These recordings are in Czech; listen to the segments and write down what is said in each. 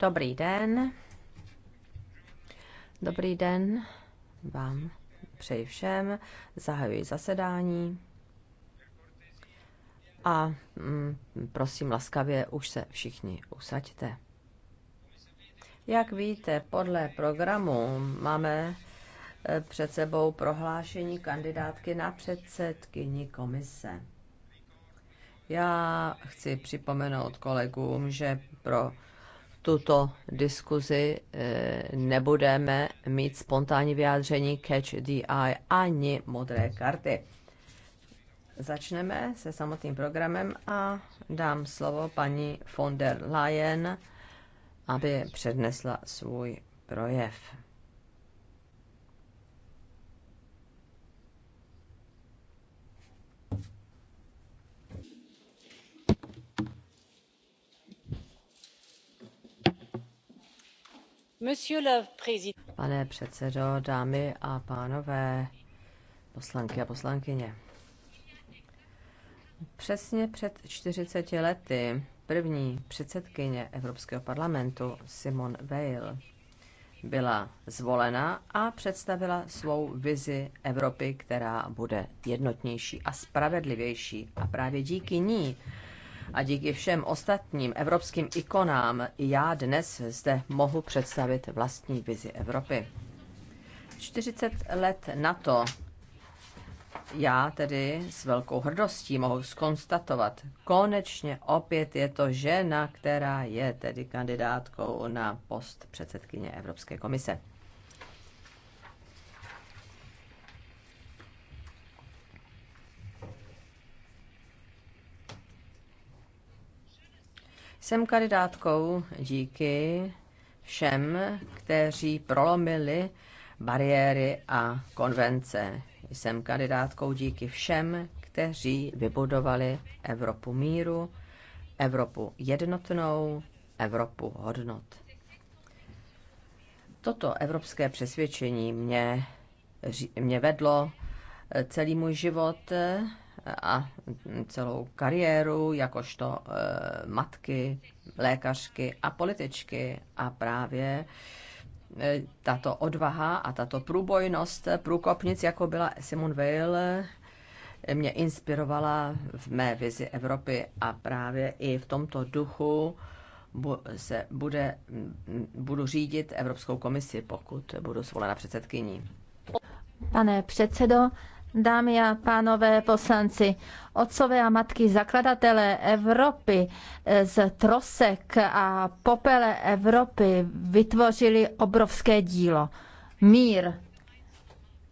Dobrý den. Dobrý den vám přeji všem. Zahajuji zasedání. A mm, prosím laskavě, už se všichni usaďte. Jak víte, podle programu máme eh, před sebou prohlášení kandidátky na předsedkyni komise. Já chci připomenout kolegům, že pro tuto diskuzi eh, nebudeme mít spontánní vyjádření catch the eye ani modré karty. Začneme se samotným programem a dám slovo paní von der Leyen, aby přednesla svůj projev. Pane předsedo, dámy a pánové, poslanky a poslankyně. Přesně před 40 lety první předsedkyně Evropského parlamentu Simone Weil byla zvolena a představila svou vizi Evropy, která bude jednotnější a spravedlivější. A právě díky ní a díky všem ostatním evropským ikonám já dnes zde mohu představit vlastní vizi Evropy. 40 let na to já tedy s velkou hrdostí mohu skonstatovat, konečně opět je to žena, která je tedy kandidátkou na post předsedkyně Evropské komise. Jsem kandidátkou díky všem, kteří prolomili bariéry a konvence. Jsem kandidátkou díky všem, kteří vybudovali Evropu míru, Evropu jednotnou, Evropu hodnot. Toto evropské přesvědčení mě, mě vedlo celý můj život a celou kariéru jakožto eh, matky, lékařky a političky a právě eh, tato odvaha a tato průbojnost průkopnic, jako byla Simone Weil, eh, mě inspirovala v mé vizi Evropy a právě i v tomto duchu se bude, mm, budu řídit Evropskou komisi, pokud budu zvolena předsedkyní. Pane předsedo, Dámy a pánové poslanci, otcové a matky zakladatelé Evropy eh, z trosek a popele Evropy vytvořili obrovské dílo. Mír,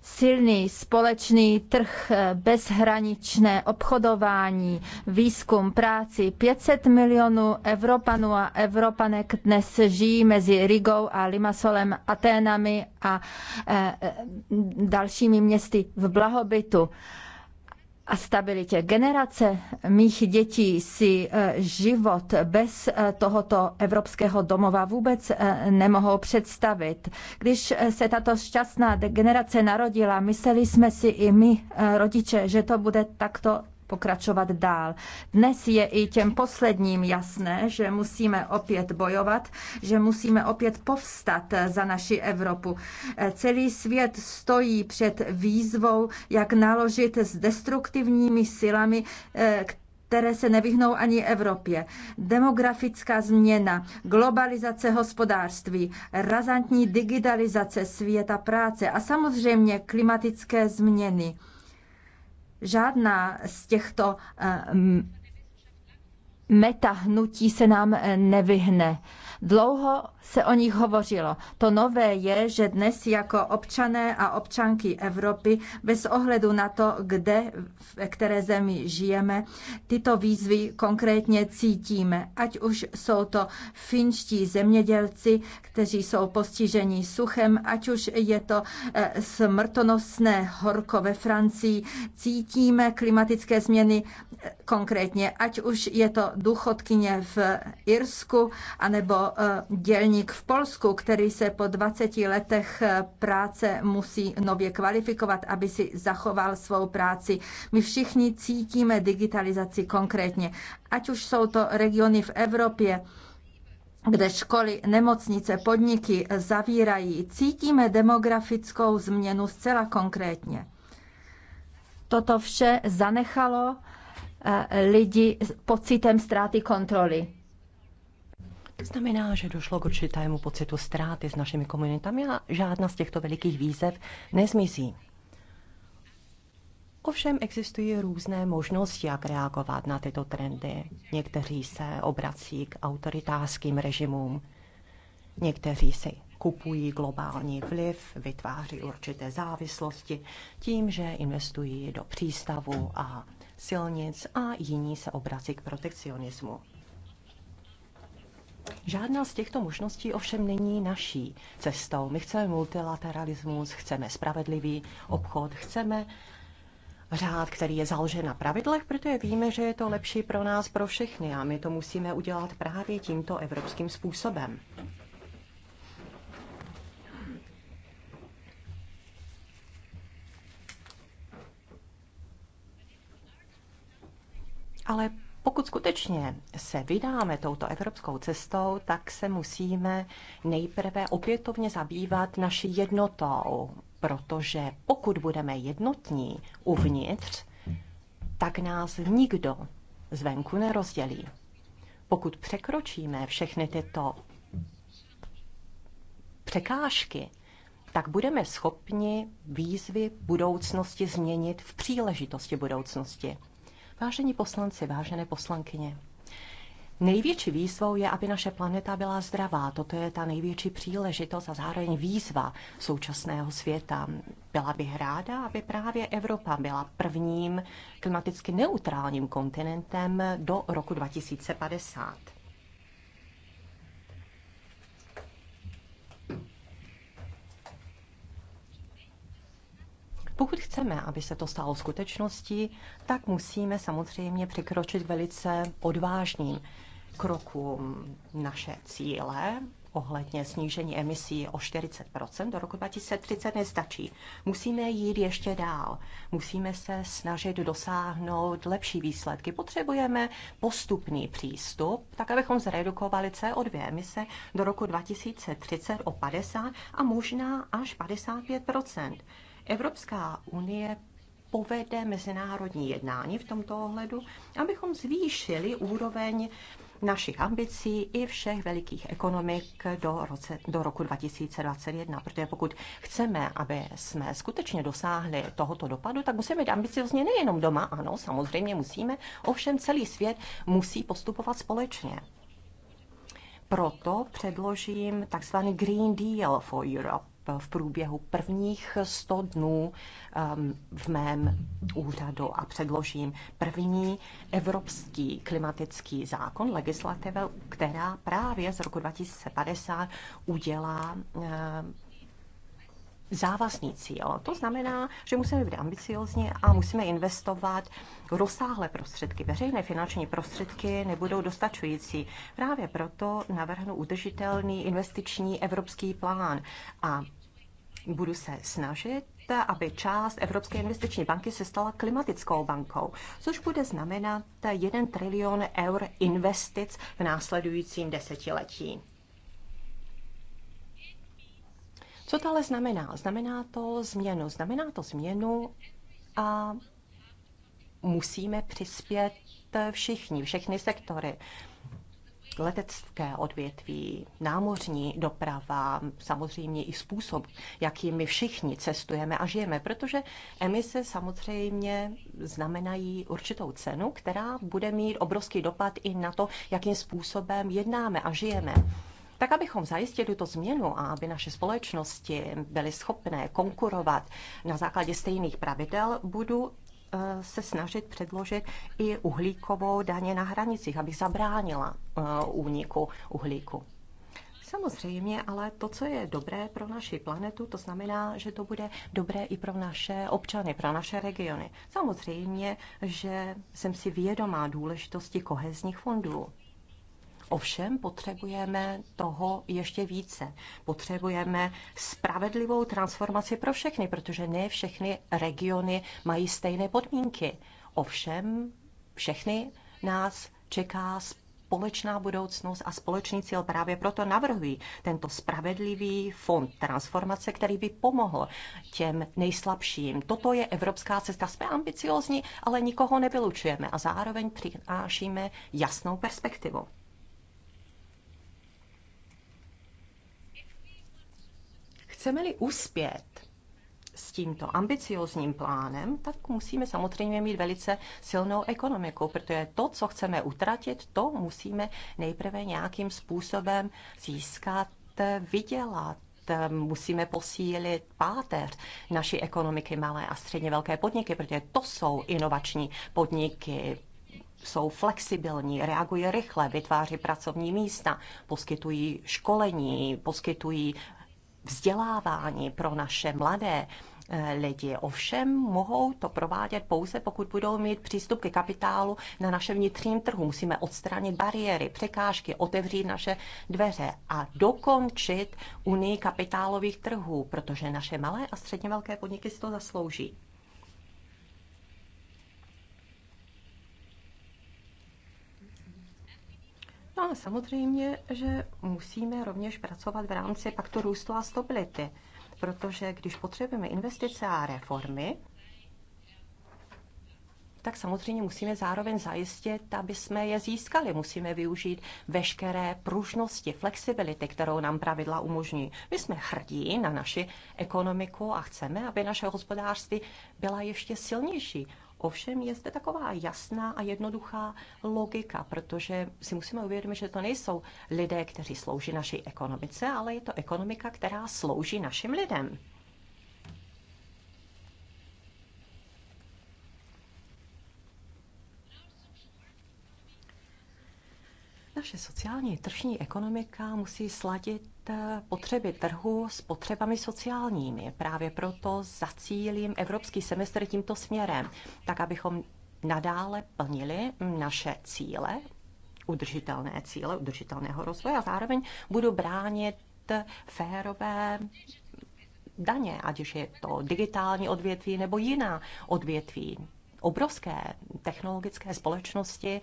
silný společný trh, eh, bezhraničné obchodování, výzkum, práci. 500 milionů Evropanů a Evropanek dnes žijí mezi Rigou a Limasolem, Aténami a eh, eh, dalšími městy v blahobytu a stabilitě. Generace mých dětí si eh, život bez eh, tohoto evropského domova vůbec eh, nemohou představit. Když se tato šťastná generace narodila, mysleli jsme si i my, rodiče, že to bude takto pokračovat dál. Dnes je i těm posledním jasné, že musíme opět bojovat, že musíme opět povstat za naši Evropu. Celý svět stojí před výzvou, jak naložit s destruktivními silami, eh, které se nevyhnou ani Evropě. Demografická změna, globalizace hospodářství, razantní digitalizace světa práce a samozřejmě klimatické změny Žádná z těchto eh, metahnutí se nám eh, nevyhne. Dlouho se o nich hovořilo. To nové je, že dnes jako občané a občanky Evropy, bez ohledu na to, kde, v které zemi žijeme, tyto výzvy konkrétně cítíme. Ať už jsou to finští zemědělci, kteří jsou postiženi suchem, ať už je to eh, smrtonosné horko ve Francii, cítíme klimatické změny eh, konkrétně, ať už je to důchodkyně v Irsku, anebo E, dělník v Polsku, který se po 20 letech e, práce musí nově kvalifikovat, aby si zachoval svou práci. My všichni cítíme digitalizaci konkrétně, ať už jsou to regiony v Evropě, kde školy, nemocnice, podniky zavírají. Cítíme demografickou změnu zcela konkrétně. Toto vše zanechalo e, lidi pocitem ztráty kontroly. Znamená, že došlo k určitému pocitu ztráty s našimi komunitami a žádná z těchto velikých výzev nezmizí. Ovšem existují různé možnosti, jak reagovat na tyto trendy. Někteří se obrací k autoritářským režimům, někteří si kupují globální vliv, vytváří určité závislosti tím, že investují do přístavu a silnic a jiní se obrací k protekcionismu. Žádná z těchto možností ovšem není naší cestou. My chceme multilateralismus, chceme spravedlivý obchod, chceme řád, který je založen na pravidlech, protože víme, že je to lepší pro nás, pro všechny a my to musíme udělat právě tímto evropským způsobem. Ale pokud skutečně se vydáme touto evropskou cestou, tak se musíme nejprve opětovně zabývat naší jednotou, protože pokud budeme jednotní uvnitř, tak nás nikdo zvenku nerozdělí. Pokud překročíme všechny tyto překážky, tak budeme schopni výzvy budoucnosti změnit v příležitosti budoucnosti. Vážení poslanci, vážené poslankyně, Největší výzvou je, aby naše planeta byla zdravá. Toto je ta největší příležitost a zároveň výzva současného světa. Byla bych ráda, aby právě Evropa byla prvním klimaticky neutrálním kontinentem do roku 2050. Pokud chceme, aby se to stalo skutečností, tak musíme samozřejmě překročit velice odvážným krokům naše cíle ohledně snížení emisí o 40 do roku 2030 nestačí. Musíme jít ještě dál. Musíme se snažit dosáhnout lepší výsledky. Potřebujeme postupný přístup, tak abychom zredukovali CO2 emise do roku 2030 o 50 a možná až 55 Evropská unie povede mezinárodní jednání v tomto ohledu, abychom zvýšili úroveň našich ambicí i všech velikých ekonomik do, roce, do roku 2021. Protože pokud chceme, aby jsme skutečně dosáhli tohoto dopadu, tak musíme být ambiciozně nejenom doma, ano, samozřejmě musíme, ovšem celý svět musí postupovat společně. Proto předložím takzvaný Green Deal for Europe v průběhu prvních 100 dnů um, v mém úřadu a předložím první evropský klimatický zákon, legislativu, která právě z roku 2050 udělá závazný cíl. To znamená, že musíme být ambiciozní a musíme investovat rozsáhlé prostředky. Veřejné finanční prostředky nebudou dostačující. Právě proto navrhnu udržitelný investiční evropský plán a budu se snažit aby část Evropské investiční banky se stala klimatickou bankou, což bude znamenat 1 trilion eur investic v následujícím desetiletí. Co to ale znamená? Znamená to změnu. Znamená to změnu a musíme přispět všichni, všechny sektory. Letecké odvětví, námořní doprava, samozřejmě i způsob, jakým my všichni cestujeme a žijeme, protože emise samozřejmě znamenají určitou cenu, která bude mít obrovský dopad i na to, jakým způsobem jednáme a žijeme. Tak abychom zajistili tuto změnu a aby naše společnosti byly schopné konkurovat na základě stejných pravidel, budu e, se snažit předložit i uhlíkovou daně na hranicích, aby zabránila e, úniku uhlíku. Samozřejmě, ale to, co je dobré pro naši planetu, to znamená, že to bude dobré i pro naše občany, pro naše regiony. Samozřejmě, že jsem si vědomá důležitosti kohezních fondů. Ovšem potřebujeme toho ještě více. Potřebujeme spravedlivou transformaci pro všechny, protože ne všechny regiony mají stejné podmínky. Ovšem všechny nás čeká společná budoucnost a společný cíl. Právě proto navrhují tento spravedlivý fond transformace, který by pomohl těm nejslabším. Toto je evropská cesta. Jsme ambiciozní, ale nikoho nevylučujeme a zároveň přinášíme jasnou perspektivu. Chceme-li uspět s tímto ambiciozním plánem, tak musíme samozřejmě mít velice silnou ekonomiku, protože to, co chceme utratit, to musíme nejprve nějakým způsobem získat, vydělat musíme posílit páteř naší ekonomiky malé a středně velké podniky, protože to jsou inovační podniky, jsou flexibilní, reagují rychle, vytváří pracovní místa, poskytují školení, poskytují vzdělávání pro naše mladé eh, lidi. Ovšem mohou to provádět pouze, pokud budou mít přístup ke kapitálu na našem vnitřním trhu. Musíme odstranit bariéry, překážky, otevřít naše dveře a dokončit unii kapitálových trhů, protože naše malé a středně velké podniky si to zaslouží. Ale samozřejmě, že musíme rovněž pracovat v rámci paktu růstu a stability, protože když potřebujeme investice a reformy, tak samozřejmě musíme zároveň zajistit, aby jsme je získali. Musíme využít veškeré pružnosti, flexibility, kterou nám pravidla umožní. My jsme hrdí na naši ekonomiku a chceme, aby naše hospodářství byla ještě silnější. Ovšem je zde taková jasná a jednoduchá logika, protože si musíme uvědomit, že to nejsou lidé, kteří slouží naší ekonomice, ale je to ekonomika, která slouží našim lidem. Naše sociální tržní ekonomika musí sladit eh, potřeby trhu s potřebami sociálními. Právě proto zacílím evropský semestr tímto směrem, tak abychom nadále plnili naše cíle, udržitelné cíle, udržitelného rozvoje a zároveň budu bránit férové daně, ať už je to digitální odvětví nebo jiná odvětví. Obrovské technologické společnosti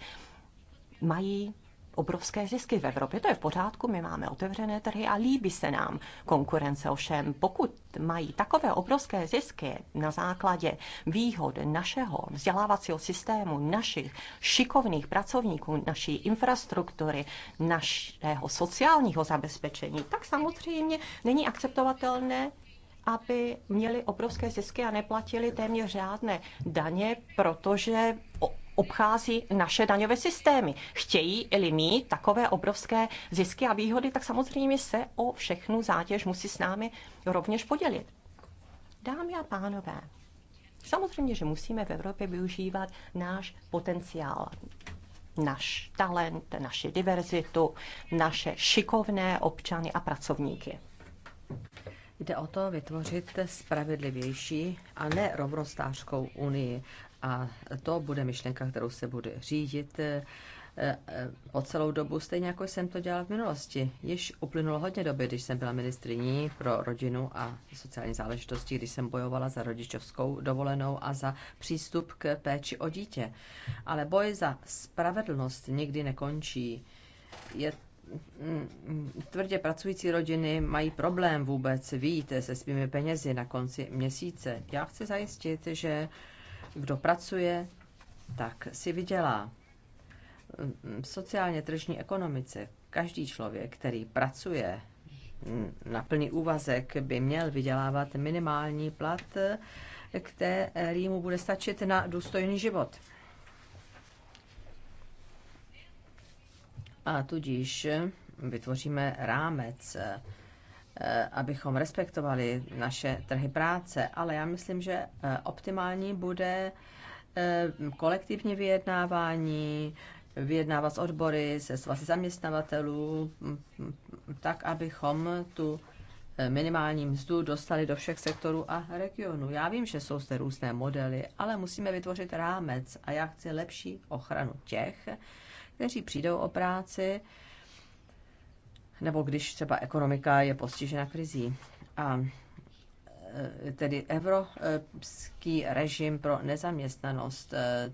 mají obrovské zisky v Evropě. To je v pořádku, my máme otevřené trhy a líbí se nám konkurence. Ovšem, pokud mají takové obrovské zisky na základě výhod našeho vzdělávacího systému, našich šikovných pracovníků, naší infrastruktury, našeho sociálního zabezpečení, tak samozřejmě není akceptovatelné aby měli obrovské zisky a neplatili téměř žádné daně, protože obchází naše daňové systémy. Chtějí-li mít takové obrovské zisky a výhody, tak samozřejmě se o všechnu zátěž musí s námi rovněž podělit. Dámy a pánové, samozřejmě, že musíme v Evropě využívat náš potenciál, náš talent, naši diverzitu, naše šikovné občany a pracovníky. Jde o to vytvořit spravedlivější a ne rovnostářskou unii. A to bude myšlenka, kterou se bude řídit eh, eh, po celou dobu, stejně jako jsem to dělala v minulosti. Již uplynulo hodně doby, když jsem byla ministriní pro rodinu a sociální záležitosti, když jsem bojovala za rodičovskou dovolenou a za přístup k péči o dítě. Ale boj za spravedlnost nikdy nekončí. Je mm, tvrdě pracující rodiny mají problém vůbec výjít se svými penězi na konci měsíce. Já chci zajistit, že kdo pracuje, tak si vydělá. V sociálně tržní ekonomice každý člověk, který pracuje na plný úvazek, by měl vydělávat minimální plat, který mu bude stačit na důstojný život. A tudíž vytvoříme rámec Eh, abychom respektovali naše trhy práce, ale já myslím, že eh, optimální bude eh, kolektivní vyjednávání, vyjednávat s odbory, se svazy zaměstnavatelů, mm, mm, tak, abychom tu minimální mzdu dostali do všech sektorů a regionů. Já vím, že jsou zde různé modely, ale musíme vytvořit rámec a já chci lepší ochranu těch, kteří přijdou o práci, nebo když třeba ekonomika je postižena krizí. A e, tedy evropský režim pro nezaměstnanost, e,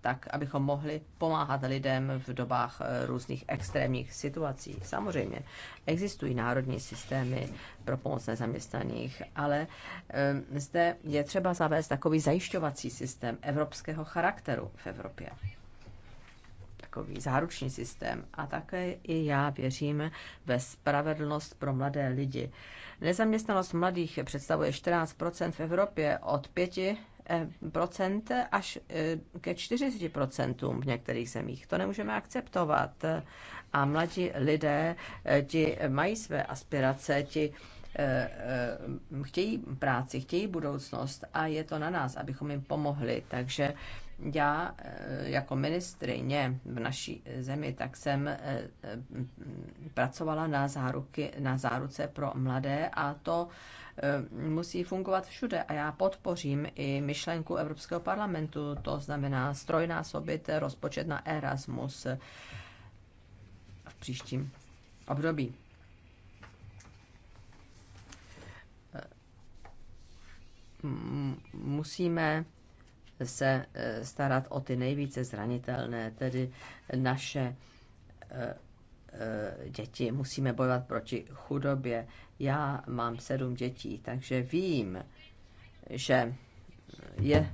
tak abychom mohli pomáhat lidem v dobách e, různých extrémních situací. Samozřejmě existují národní systémy pro pomoc nezaměstnaných, ale zde je třeba zavést takový zajišťovací systém evropského charakteru v Evropě takový záruční systém. A také i já věřím ve spravedlnost pro mladé lidi. Nezaměstnanost mladých představuje 14 v Evropě od 5 procent až e, ke 40 procentům v některých zemích. To nemůžeme akceptovat. A mladí lidé, e, ti mají své aspirace, ti e, chtějí práci, chtějí budoucnost a je to na nás, abychom jim pomohli. Takže já eh, jako ministrině v naší eh, zemi, tak jsem eh, pracovala na, záruky, na záruce pro mladé a to musí fungovat všude a já podpořím i myšlenku Evropského parlamentu, to znamená strojnásobit rozpočet na Erasmus v příštím období. Musíme se eh, starat o ty nejvíce zranitelné, tedy naše eh, eh, děti. Musíme bojovat proti chudobě. Já mám sedm dětí, takže vím, že je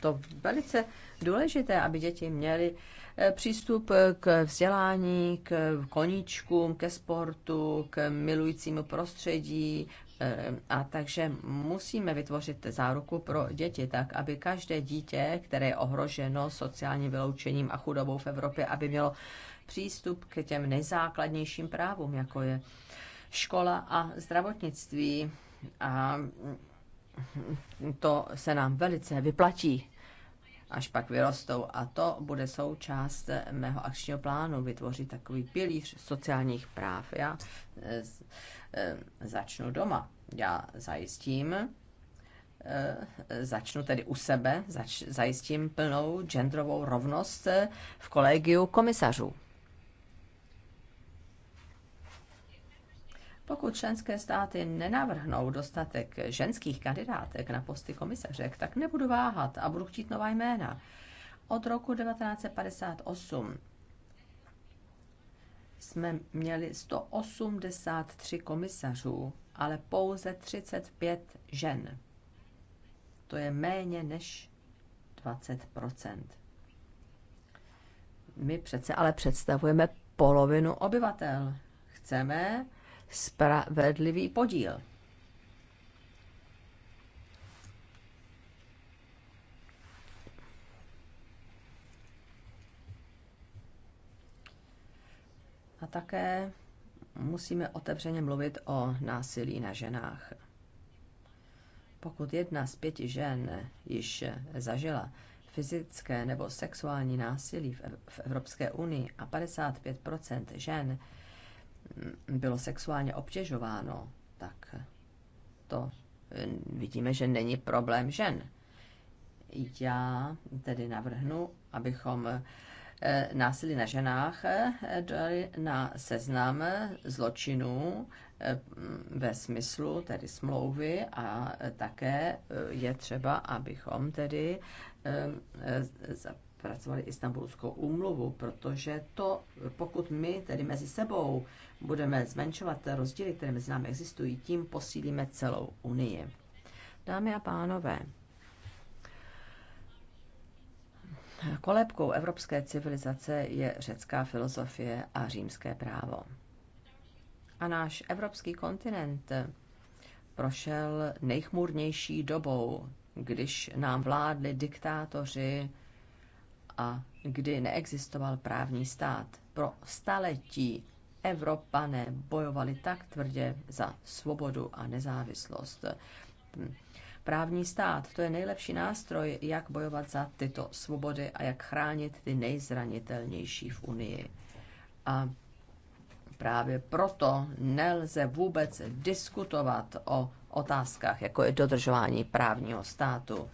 to velice důležité, aby děti měly přístup k vzdělání, k koníčkům, ke sportu, k milujícímu prostředí, a takže musíme vytvořit záruku pro děti, tak aby každé dítě, které je ohroženo sociálním vyloučením a chudobou v Evropě, aby mělo přístup k těm nejzákladnějším právům, jako je škola a zdravotnictví. A to se nám velice vyplatí, až pak vyrostou. A to bude součást mého akčního plánu vytvořit takový pilíř sociálních práv. Já eh, Eh, začnu doma. Já zajistím, eh, začnu tedy u sebe, zač, zajistím plnou genderovou rovnost eh, v kolegiu komisařů. Pokud členské státy nenavrhnou dostatek ženských kandidátek na posty komisařek, tak nebudu váhat a budu chtít nová jména. Od roku 1958 jsme měli 183 komisařů, ale pouze 35 žen. To je méně než 20 My přece ale představujeme polovinu obyvatel. Chceme spravedlivý podíl. A také musíme otevřeně mluvit o násilí na ženách. Pokud jedna z pěti žen již zažila fyzické nebo sexuální násilí v Evropské unii a 55 žen mm, bylo sexuálně obtěžováno, tak to mm, vidíme, že není problém žen. Já tedy navrhnu, abychom Eh, násilí na ženách eh, dali na seznam eh, zločinů mm, ve smyslu tedy smlouvy a také je třeba, abychom tedy pracovali Istanbulskou úmluvu, protože to, pokud my tedy mezi sebou budeme zmenšovat rozdíly, které mezi námi existují, tím posílíme celou Unii. Dámy a pánové, Kolebkou evropské civilizace je řecká filozofie a římské právo. A náš evropský kontinent prošel nejchmurnější dobou, když nám vládli diktátoři a kdy neexistoval právní stát. Pro staletí Evropané bojovali tak tvrdě za svobodu a nezávislost právní stát. To je nejlepší nástroj, jak bojovat za tyto svobody a jak chránit ty nejzranitelnější v Unii. A právě proto nelze vůbec diskutovat o otázkách, jako je dodržování právního státu.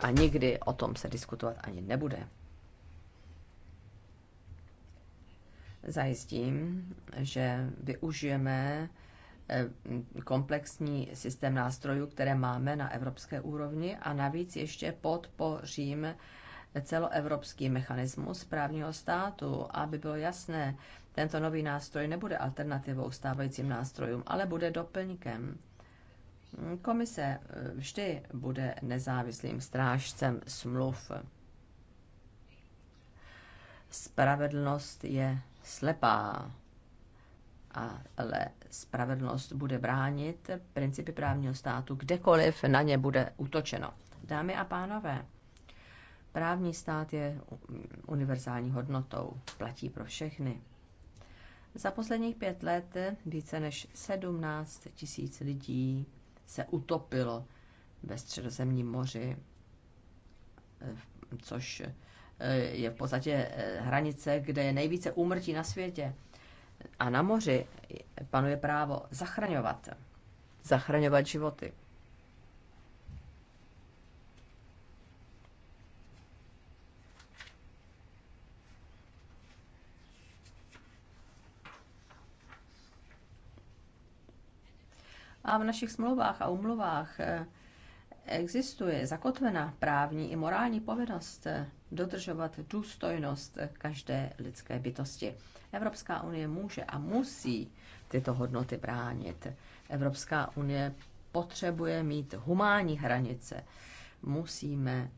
A nikdy o tom se diskutovat ani nebude. Zajistím, že využijeme Eh, komplexní systém nástrojů, které máme na evropské úrovni a navíc ještě podpořím celoevropský mechanismus právního státu, aby bylo jasné, tento nový nástroj nebude alternativou stávajícím nástrojům, ale bude doplňkem. Komise vždy bude nezávislým strážcem smluv. Spravedlnost je slepá ale spravedlnost bude bránit principy právního státu, kdekoliv na ně bude útočeno. Dámy a pánové, právní stát je univerzální hodnotou, platí pro všechny. Za posledních pět let více než 17 tisíc lidí se utopilo ve středozemním moři, což eh, je v podstatě eh, hranice, kde je nejvíce úmrtí na světě a na moři panuje právo zachraňovat, zachraňovat životy. A v našich smlouvách a umluvách eh, existuje zakotvená právní i morální povinnost eh, dodržovat důstojnost každé lidské bytosti. Evropská unie může a musí tyto hodnoty bránit. Evropská unie potřebuje mít humánní hranice. Musíme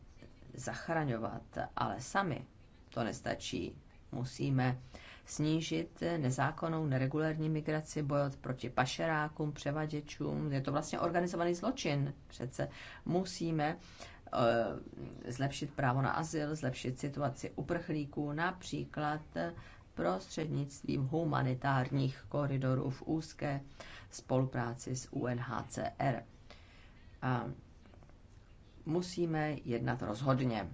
zachraňovat, ale sami to nestačí. Musíme snížit nezákonnou neregulární migraci, bojovat proti pašerákům, převaděčům. Je to vlastně organizovaný zločin. Přece musíme eh, zlepšit právo na azyl, zlepšit situaci uprchlíků, například prostřednictvím humanitárních koridorů v úzké spolupráci s UNHCR. A musíme jednat rozhodně.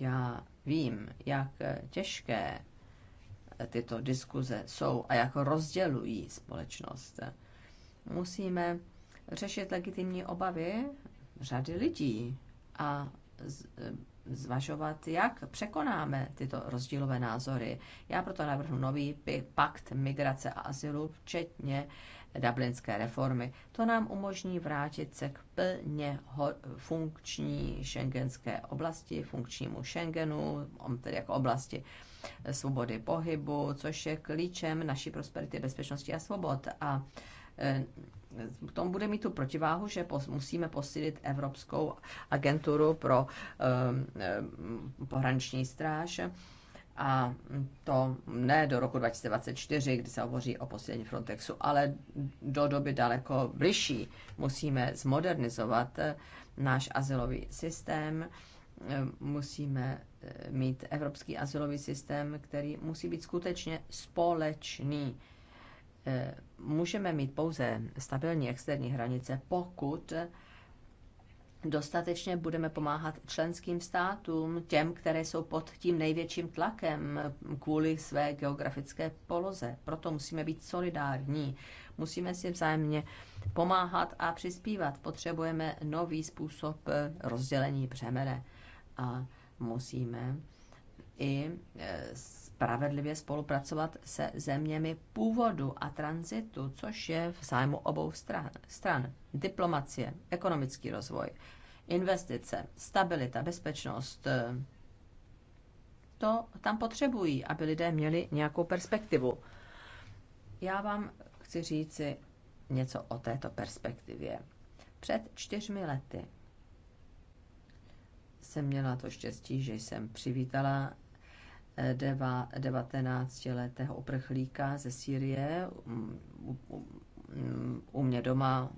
Já vím, jak těžké tyto diskuze jsou a jak rozdělují společnost. Musíme řešit legitimní obavy řady lidí a zvažovat, jak překonáme tyto rozdílové názory. Já proto navrhnu nový pakt migrace a asilu, včetně dublinské reformy. To nám umožní vrátit se k plně funkční šengenské oblasti, funkčnímu Schengenu, tedy jako oblasti svobody pohybu, což je klíčem naší prosperity, bezpečnosti a svobod. A e, v tom bude mít tu protiváhu, že musíme posílit Evropskou agenturu pro ehm, ehm, pohraniční stráž a to ne do roku 2024, kdy se hovoří o posílení Frontexu, ale do doby daleko bližší. Musíme zmodernizovat eh, náš asilový systém, ehm, musíme eh, mít evropský asilový systém, který musí být skutečně společný Eh, můžeme mít pouze stabilní externí hranice, pokud dostatečně budeme pomáhat členským státům, těm, které jsou pod tím největším tlakem kvůli své geografické poloze. Proto musíme být solidární, musíme si vzájemně pomáhat a přispívat. Potřebujeme nový způsob eh, rozdělení břemene a musíme i eh, spravedlivě spolupracovat se zeměmi původu a tranzitu, což je v zájmu obou stran. stran. Diplomacie, ekonomický rozvoj, investice, stabilita, bezpečnost. Eh, to tam potřebují, aby lidé měli nějakou perspektivu. Já vám chci říci něco o této perspektivě. Před čtyřmi lety jsem měla to štěstí, že jsem přivítala 19-letého uprchlíka ze Sýrie. U mě doma,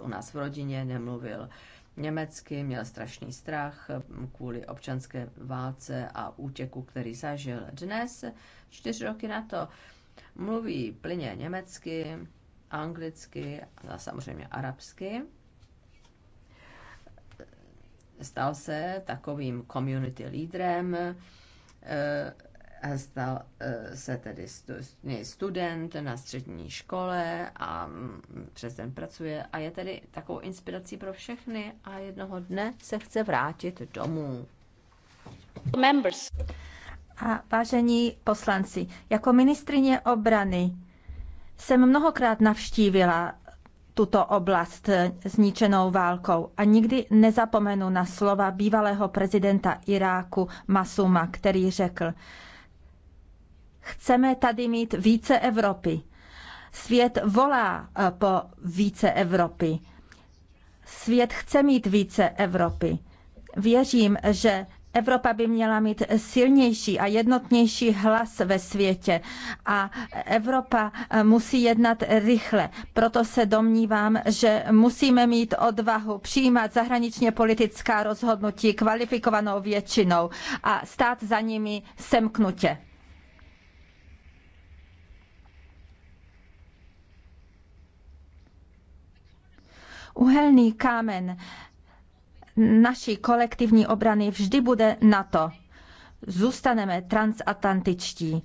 u nás v rodině nemluvil německy, měl strašný strach kvůli občanské válce a útěku, který zažil. Dnes, čtyři roky na to, mluví plyně německy, anglicky a samozřejmě arabsky. Stal se takovým community lídrem, Eh, stal eh, se tedy student na střední škole a mm, přes den pracuje a je tedy takovou inspirací pro všechny a jednoho dne se chce vrátit domů. Members. A vážení poslanci, jako ministrině obrany jsem mnohokrát navštívila tuto oblast eh, zničenou válkou. A nikdy nezapomenu na slova bývalého prezidenta Iráku Masuma, který řekl, chceme tady mít více Evropy. Svět volá eh, po více Evropy. Svět chce mít více Evropy. Věřím, že Evropa by měla mít silnější a jednotnější hlas ve světě a Evropa eh, musí jednat rychle. Proto se domnívám, že musíme mít odvahu přijímat zahraničně politická rozhodnutí kvalifikovanou většinou a stát za nimi semknutě. Uhelný kámen naší kolektivní obrany vždy bude NATO. Zůstaneme transatlantičtí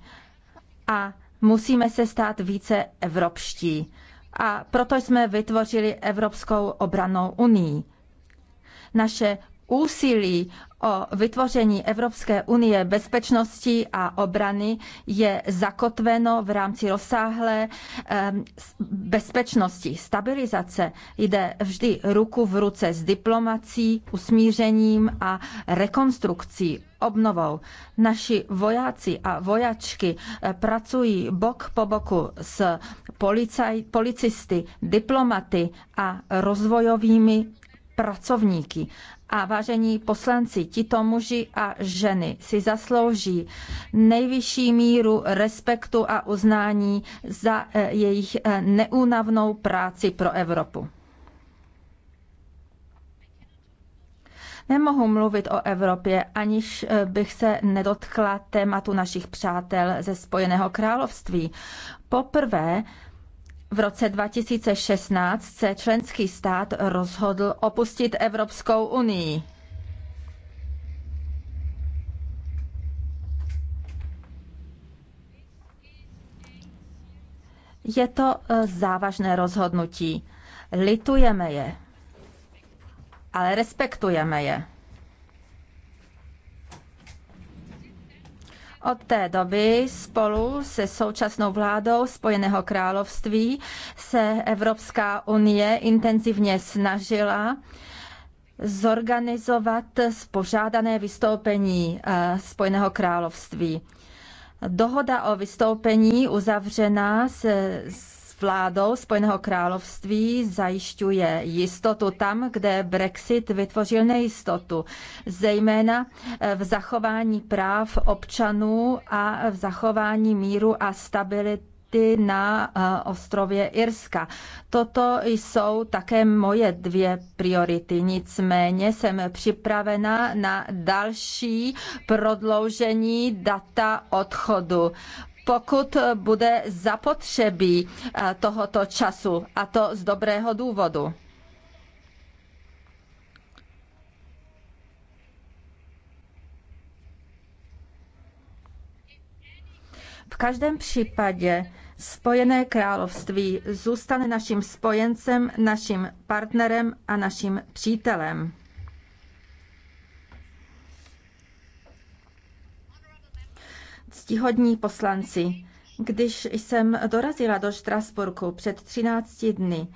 a musíme se stát více evropští. A proto jsme vytvořili Evropskou obranou unii. Naše úsilí o vytvoření Evropské unie bezpečnosti a obrany je zakotveno v rámci rozsáhlé bezpečnosti. Stabilizace jde vždy ruku v ruce s diplomací, usmířením a rekonstrukcí obnovou. Naši vojáci a vojačky eh, pracují bok po boku s policaj, policisty, diplomaty a rozvojovými pracovníky. A vážení poslanci, tito muži a ženy si zaslouží nejvyšší míru respektu a uznání za eh, jejich eh, neúnavnou práci pro Evropu. Nemohu mluvit o Evropě, aniž eh, bych se nedotkla tématu našich přátel ze Spojeného království. Poprvé v roce 2016 se členský stát rozhodl opustit Evropskou unii. Je to eh, závažné rozhodnutí. Litujeme je, ale respektujeme je. Od té doby spolu se současnou vládou Spojeného království se Evropská unie intenzivně snažila zorganizovat spožádané vystoupení eh, Spojeného království. Dohoda o vystoupení uzavřená se vládou Spojeného království zajišťuje jistotu tam, kde Brexit vytvořil nejistotu, zejména eh, v zachování práv občanů a v zachování míru a stability na eh, ostrově Irska. Toto jsou také moje dvě priority. Nicméně jsem připravena na další prodloužení data odchodu pokud bude zapotřebí eh, tohoto času, a to z dobrého důvodu. V každém případě Spojené království zůstane naším spojencem, naším partnerem a naším přítelem. ctihodní poslanci, když jsem dorazila do Štrasburku před 13 dny,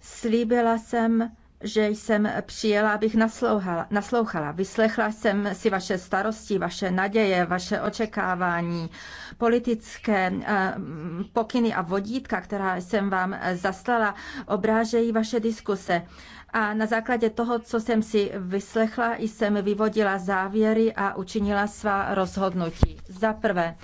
slíbila jsem že jsem přijela, abych naslouchala, naslouchala. Vyslechla jsem si vaše starosti, vaše naděje, vaše očekávání, politické eh, pokyny a vodítka, která jsem vám eh, zaslala, obrážejí vaše diskuse. A na základě toho, co jsem si vyslechla, jsem vyvodila závěry a učinila svá rozhodnutí. Za prvé,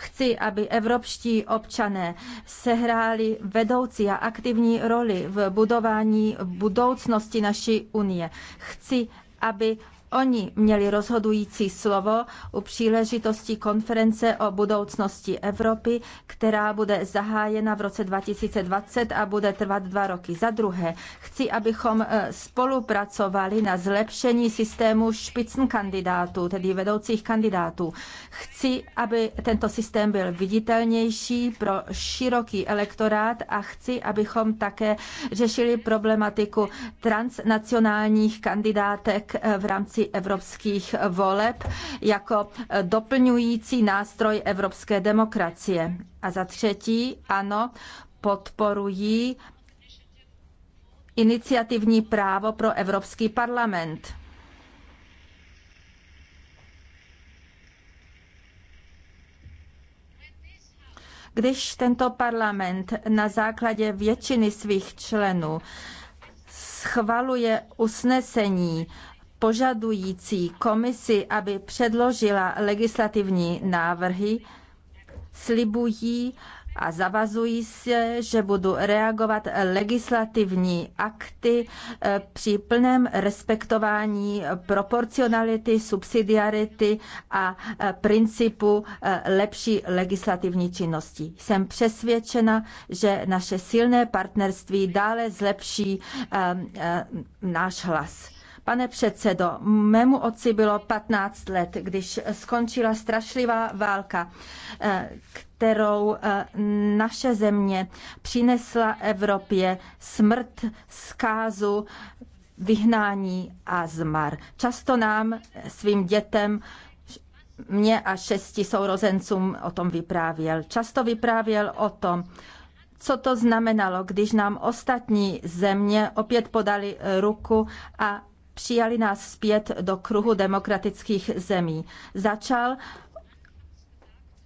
Chci, aby evropští občané sehráli vedoucí a aktivní roli v budování budoucnosti naší unie. Chci, aby Oni měli rozhodující slovo u příležitosti konference o budoucnosti Evropy, která bude zahájena v roce 2020 a bude trvat dva roky. Za druhé, chci, abychom e, spolupracovali na zlepšení systému špicn kandidátů, tedy vedoucích kandidátů. Chci, aby tento systém byl viditelnější pro široký elektorát a chci, abychom také řešili problematiku transnacionálních kandidátek e, v rámci rámci evropských voleb jako doplňující nástroj evropské demokracie. A za třetí, ano, podporují iniciativní právo pro Evropský parlament. Když tento parlament na základě většiny svých členů schvaluje usnesení požadující komisi, aby předložila legislativní návrhy, slibují a zavazují se, že budu reagovat legislativní akty eh, při plném respektování proporcionality, subsidiarity a eh, principu eh, lepší legislativní činnosti. Jsem přesvědčena, že naše silné partnerství dále zlepší náš hlas. Pane předsedo, mému otci bylo 15 let, když skončila strašlivá válka, eh, kterou eh, naše země přinesla Evropě smrt, zkázu, vyhnání a zmar. Často nám, svým dětem, mě a šesti sourozencům o tom vyprávěl. Často vyprávěl o tom, co to znamenalo, když nám ostatní země opět podali ruku a přijali nás zpět do kruhu demokratických zemí. Začal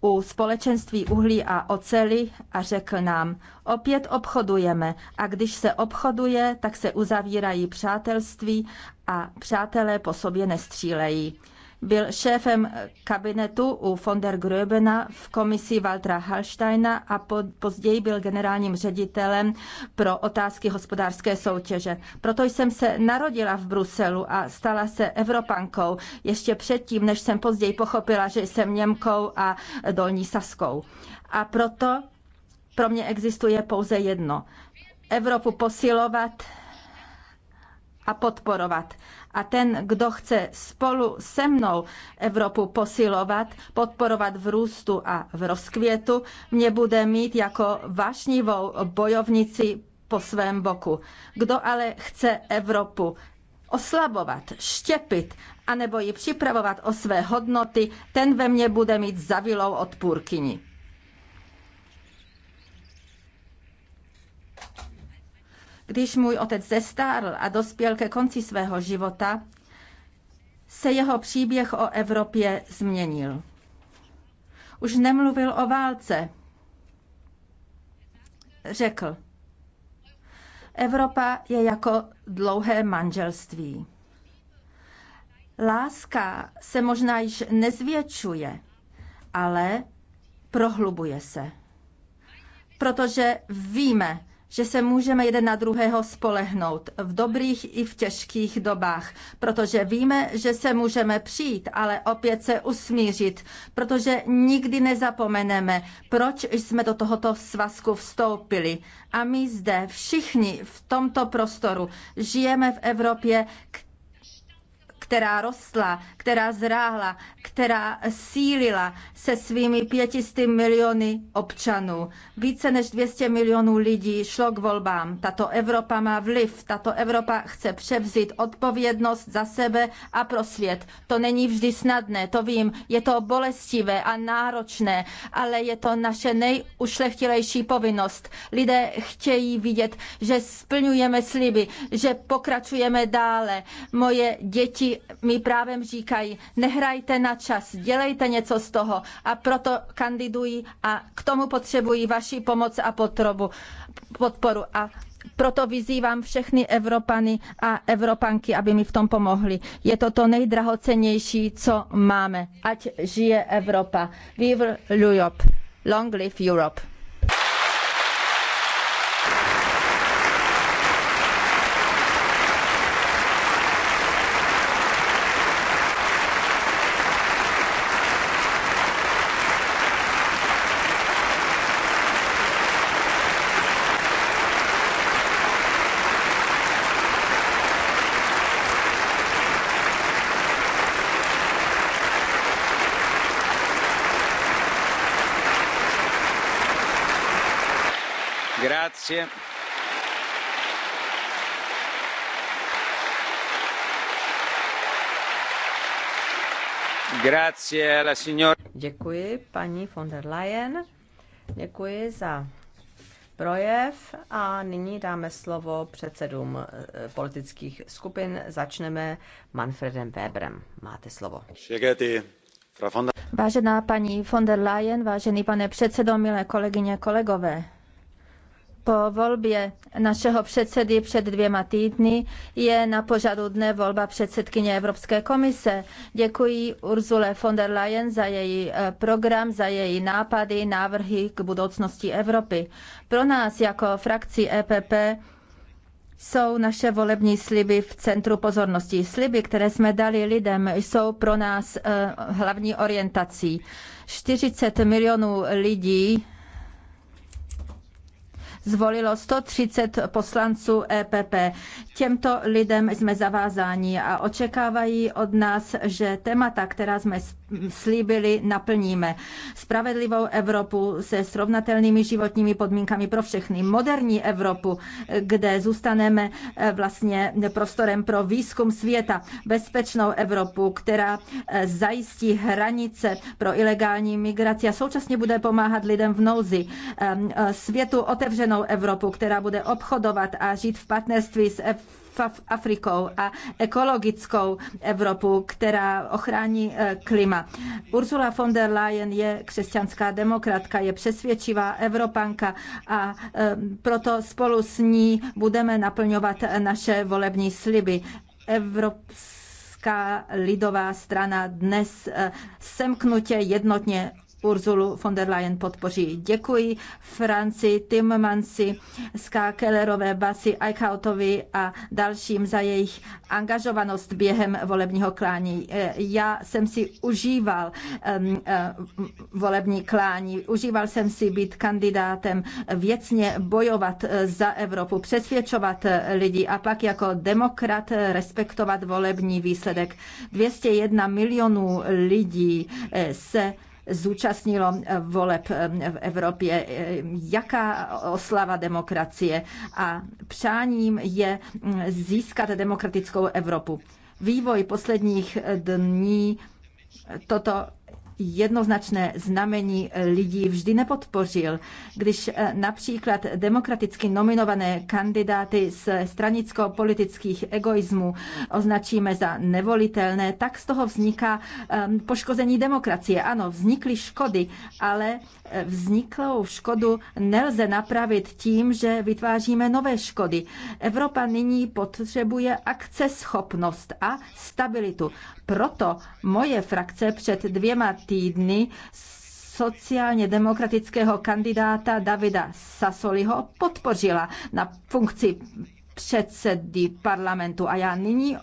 u společenství uhlí a oceli a řekl nám, opět obchodujeme a když se obchoduje, tak se uzavírají přátelství a přátelé po sobě nestřílejí byl šéfem kabinetu u von der Gröbena v komisi Waltra Hallsteina a později byl generálním ředitelem pro otázky hospodářské soutěže. Proto jsem se narodila v Bruselu a stala se Evropankou ještě předtím, než jsem později pochopila, že jsem Němkou a Dolní Saskou. A proto pro mě existuje pouze jedno. Evropu posilovat, a podporovat. A ten, kdo chce spolu se mnou Evropu posilovat, podporovat v růstu a v rozkvětu, mě bude mít jako vášnivou bojovnici po svém boku. Kdo ale chce Evropu oslabovat, štěpit, anebo ji připravovat o své hodnoty, ten ve mně bude mít zavilou odpůrkyni. Když můj otec zestárl a dospěl ke konci svého života, se jeho příběh o Evropě změnil. Už nemluvil o válce. Řekl, Evropa je jako dlouhé manželství. Láska se možná již nezvětšuje, ale prohlubuje se. Protože víme, že se můžeme jeden na druhého spolehnout v dobrých i v těžkých dobách, protože víme, že se můžeme přijít, ale opět se usmířit, protože nikdy nezapomeneme, proč jsme do tohoto svazku vstoupili. A my zde všichni v tomto prostoru žijeme v Evropě, která rostla, která zráhla, která sílila se svými 500 miliony občanů. Více než 200 milionů lidí šlo k volbám. Tato Evropa má vliv, tato Evropa chce převzít odpovědnost za sebe a pro svět. To není vždy snadné, to vím, je to bolestivé a náročné, ale je to naše nejušlechtilejší povinnost. Lidé chtějí vidět, že splňujeme sliby, že pokračujeme dále. Moje děti mi právem říkají, nehrajte na čas, dělejte něco z toho a proto kandidují a k tomu potřebují vaši pomoc a potrobu, podporu. A proto vyzývám všechny Evropany a Evropanky, aby mi v tom pomohli. Je to to nejdrahocenější, co máme. Ať žije Evropa. Vive l'Europe. Long live Europe. Grazie. Grazie alla signora. Děkuji paní von der Leyen, děkuji za projev a nyní dáme slovo předsedům eh, politických skupin. Začneme Manfredem Weberem. Máte slovo. Vážená paní von der Leyen, vážený pane předsedo, milé kolegyně, kolegové. Po volbě našeho předsedy před dvěma týdny je na pořadu dne volba předsedkyně Evropské komise. Děkuji Ursule von der Leyen za její eh, program, za její nápady, návrhy k budoucnosti Evropy. Pro nás jako frakci EPP jsou naše volební sliby v centru pozornosti. Sliby, které jsme dali lidem, jsou pro nás eh, hlavní orientací. 40 milionů lidí zvolilo 130 poslanců EPP. Těmto lidem jsme zavázáni a očekávají od nás, že témata, která jsme slíbili, naplníme. Spravedlivou Evropu se srovnatelnými životními podmínkami pro všechny. Moderní Evropu, kde zůstaneme eh, vlastně prostorem pro výzkum světa. Bezpečnou Evropu, která eh, zajistí hranice pro ilegální migraci a současně bude pomáhat lidem v nouzi. Eh, světu otevřenou Evropu, která bude obchodovat a žít v partnerství s Evropou Afrikou a ekologickou Evropu, která ochrání eh, klima. Ursula von der Leyen je křesťanská demokratka, je přesvědčivá Evropanka a eh, proto spolu s ní budeme naplňovat eh, naše volební sliby. Evropská lidová strana dnes semknutě jednotně Urzulu von der Leyen podpoří. Děkuji Franci Timmansi, Ská Kellerové, Basi Eichhautovi a dalším za jejich angažovanost během volebního klání. E, já jsem si užíval e, volební klání, užíval jsem si být kandidátem, věcně bojovat e, za Evropu, přesvědčovat lidi a pak jako demokrat respektovat volební výsledek. 201 milionů lidí se zúčastnilo eh, voleb eh, v Evropě. Eh, jaká oslava demokracie a přáním je mm, získat demokratickou Evropu. Vývoj posledních dní toto jednoznačné znamení lidí vždy nepodpořil. Když eh, například demokraticky nominované kandidáty z stranicko-politických egoismů označíme za nevolitelné, tak z toho vzniká ehm, poškození demokracie. Ano, vznikly škody, ale eh, vzniklou škodu nelze napravit tím, že vytváříme nové škody. Evropa nyní potřebuje akceschopnost a stabilitu. Proto moje frakce před dvěma týdny sociálně demokratického kandidáta Davida Sasoliho podpořila na funkci předsedy parlamentu. A já nyní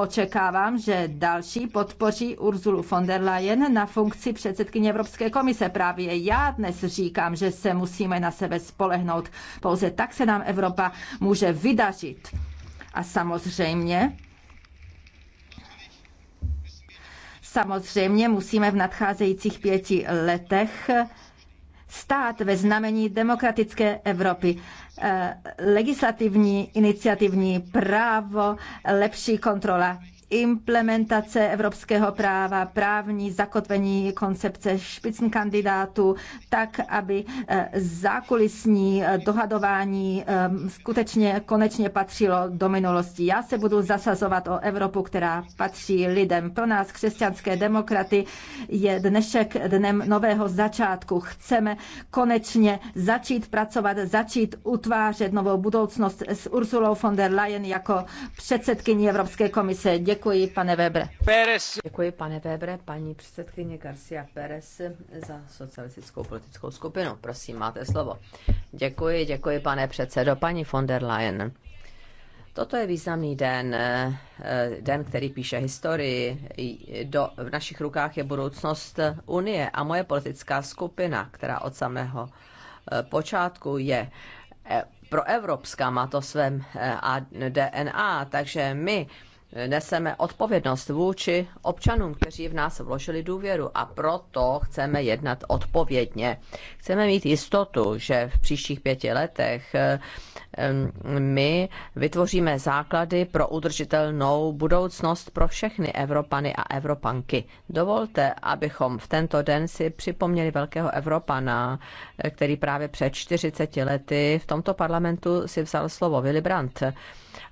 Očekávám, že další podpoří Ursulu von der Leyen na funkci předsedkyně Evropské komise. Právě já dnes říkám, že se musíme na sebe spolehnout. Pouze tak se nám Evropa může vydařit. A samozřejmě Samozřejmě musíme v nadcházejících pěti letech stát ve znamení demokratické Evropy. Eh, legislativní, iniciativní právo, lepší kontrola implementace evropského práva, právní zakotvení koncepce špicn kandidátů, tak, aby eh, zákulisní eh, dohadování eh, skutečně konečně patřilo do minulosti. Já se budu zasazovat o Evropu, která patří lidem. Pro nás, křesťanské demokraty, je dnešek dnem nového začátku. Chceme konečně začít pracovat, začít utvářet novou budoucnost s Ursulou von der Leyen jako předsedkyní Evropské komise. Děkuji Děkuji, pane Webre. Pérez. Děkuji, pane Webre, paní předsedkyně Garcia Pérez za socialistickou politickou skupinu. Prosím, máte slovo. Děkuji, děkuji, pane předsedo, paní von der Leyen. Toto je významný den, eh, den, který píše historii. Do, v našich rukách je budoucnost Unie a moje politická skupina, která od samého eh, počátku je eh, proevropská, má to svém DNA, takže my neseme odpovědnost vůči občanům, kteří v nás vložili důvěru a proto chceme jednat odpovědně. Chceme mít jistotu, že v příštích pěti letech my vytvoříme základy pro udržitelnou budoucnost pro všechny Evropany a Evropanky. Dovolte, abychom v tento den si připomněli velkého Evropana, který právě před 40 lety v tomto parlamentu si vzal slovo Willy Brandt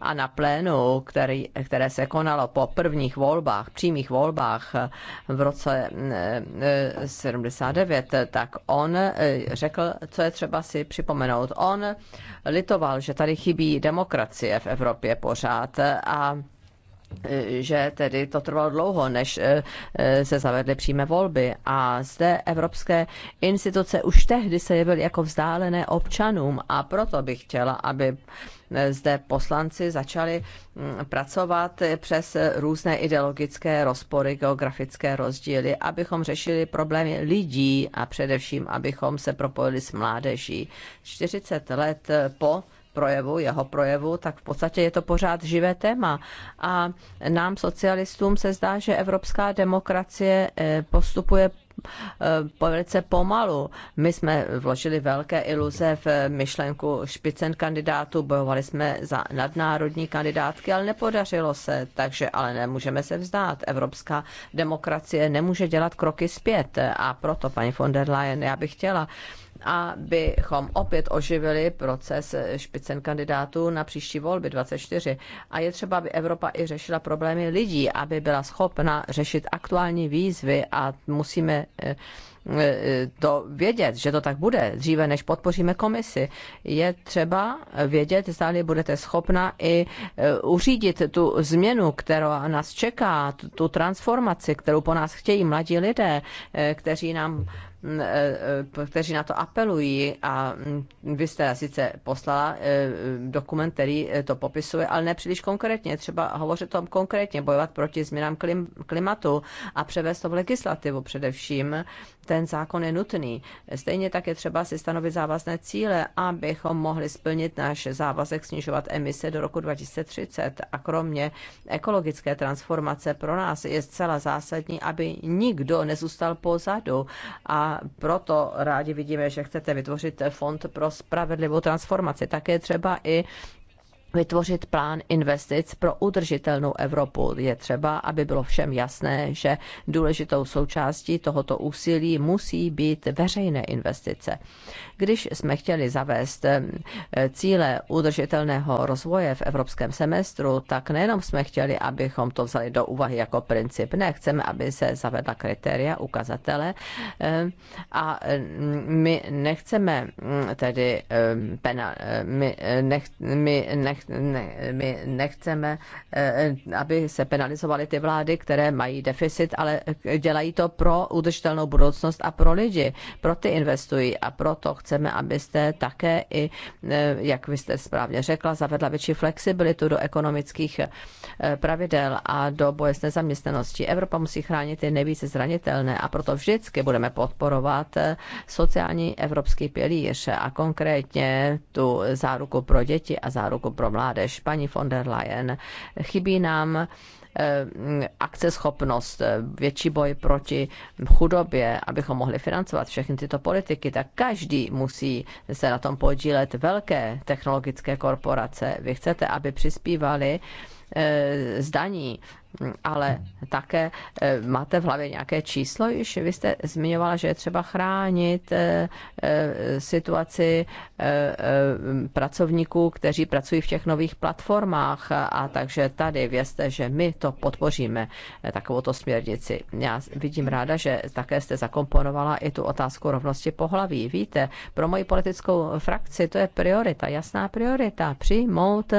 a na plénu, který, které se konalo po prvních volbách, přímých volbách eh, v roce 79, eh, eh, tak on řekl, co je třeba si připomenout. On litoval, že tady chybí demokracie v Evropě pořád a že tedy to trvalo dlouho, než se zavedly přímé volby. A zde evropské instituce už tehdy se jevily jako vzdálené občanům a proto bych chtěla, aby zde poslanci začali mm, pracovat přes různé ideologické rozpory, geografické rozdíly, abychom řešili problémy lidí a především, abychom se propojili s mládeží. 40 let po projevu, jeho projevu, tak v podstatě je to pořád živé téma. A nám socialistům se zdá, že evropská demokracie eh, postupuje Eh, velice pomalu. My jsme vložili velké iluze v myšlenku špicen kandidátů, bojovali jsme za nadnárodní kandidátky, ale nepodařilo se, takže ale nemůžeme se vzdát. Evropská demokracie nemůže dělat kroky zpět a proto, paní von der Leyen, já bych chtěla, abychom opět oživili proces špicen kandidátů na příští volby 24. A je třeba, aby Evropa i řešila problémy lidí, aby byla schopna řešit aktuální výzvy a musíme eh, eh, to vědět, že to tak bude, dříve než podpoříme komisi. Je třeba vědět, zda budete schopna i eh, uřídit tu změnu, která nás čeká, tu transformaci, kterou po nás chtějí mladí lidé, kteří nám Eh, kteří na to apelují a vy jste sice poslala eh, dokument, který eh, to popisuje, ale nepříliš konkrétně. Třeba hovořit o tom konkrétně, bojovat proti změnám klim, klimatu a převést to v legislativu především. Ten zákon je nutný. Stejně tak je třeba si stanovit závazné cíle, abychom mohli splnit náš závazek snižovat emise do roku 2030. A kromě ekologické transformace pro nás je zcela zásadní, aby nikdo nezůstal pozadu a a proto rádi vidíme, že chcete vytvořit fond pro spravedlivou transformaci. Také třeba i vytvořit plán investic pro udržitelnou Evropu. Je třeba, aby bylo všem jasné, že důležitou součástí tohoto úsilí musí být veřejné investice. Když jsme chtěli zavést eh, cíle udržitelného rozvoje v evropském semestru, tak nejenom jsme chtěli, abychom to vzali do úvahy jako princip, ne, chceme, aby se zavedla kritéria, ukazatele eh, a mm, my nechceme mm, tedy eh, penal, my, nech, my nech, ne, my nechceme, eh, aby se penalizovaly ty vlády, které mají deficit, ale dělají to pro udržitelnou budoucnost a pro lidi. Pro ty investují a proto chceme, abyste také i, eh, jak vy jste správně řekla, zavedla větší flexibilitu do ekonomických eh, pravidel a do boje s nezaměstnaností. Evropa musí chránit ty nejvíce zranitelné a proto vždycky budeme podporovat sociální evropský pilíř a konkrétně tu záruku pro děti a záruku pro mládež, paní von der Leyen. Chybí nám eh, akceschopnost, eh, větší boj proti chudobě, abychom mohli financovat všechny tyto politiky, tak každý musí se na tom podílet. Velké technologické korporace, vy chcete, aby přispívali eh, zdaní ale také eh, máte v hlavě nějaké číslo již? Vy jste zmiňovala, že je třeba chránit eh, eh, situaci pracovníků, kteří pracují v těch nových platformách a takže tady vězte, že my to podpoříme, takovouto směrnici. Já vidím ráda, že také jste zakomponovala i tu otázku rovnosti pohlaví. Víte, pro moji politickou frakci to je priorita, jasná priorita, přijmout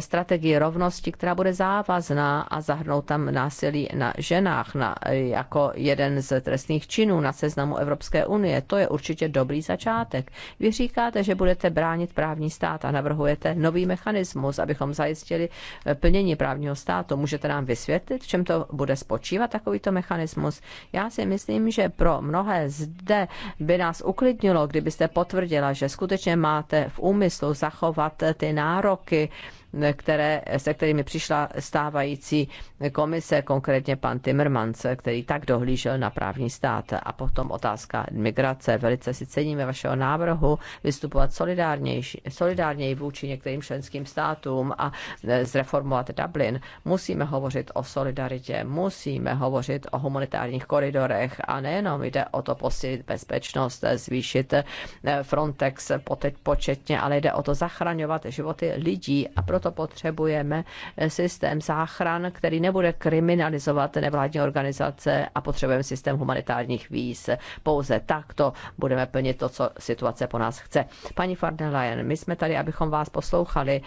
strategii rovnosti, která bude závazná a za zahrnout tam násilí na ženách na, jako jeden z trestných činů na seznamu Evropské unie. To je určitě dobrý začátek. Vy říkáte, že budete bránit právní stát a navrhujete nový mechanismus, abychom zajistili eh, plnění právního státu. Můžete nám vysvětlit, v čem to bude spočívat takovýto mechanismus? Já si myslím, že pro mnohé zde by nás uklidnilo, kdybyste potvrdila, že skutečně máte v úmyslu zachovat ty nároky které, se kterými přišla stávající komise, konkrétně pan Timmermans, který tak dohlížel na právní stát. A potom otázka migrace. Velice si ceníme vašeho návrhu vystupovat solidárněji vůči některým členským státům a zreformovat Dublin. Musíme hovořit o solidaritě, musíme hovořit o humanitárních koridorech a nejenom jde o to posílit bezpečnost, zvýšit Frontex početně, ale jde o to zachraňovat životy lidí a pro proto potřebujeme eh, systém záchran, který nebude kriminalizovat nevládní organizace a potřebujeme systém humanitárních víz. Pouze takto budeme plnit to, co situace po nás chce. Paní Fardelajen, my jsme tady, abychom vás poslouchali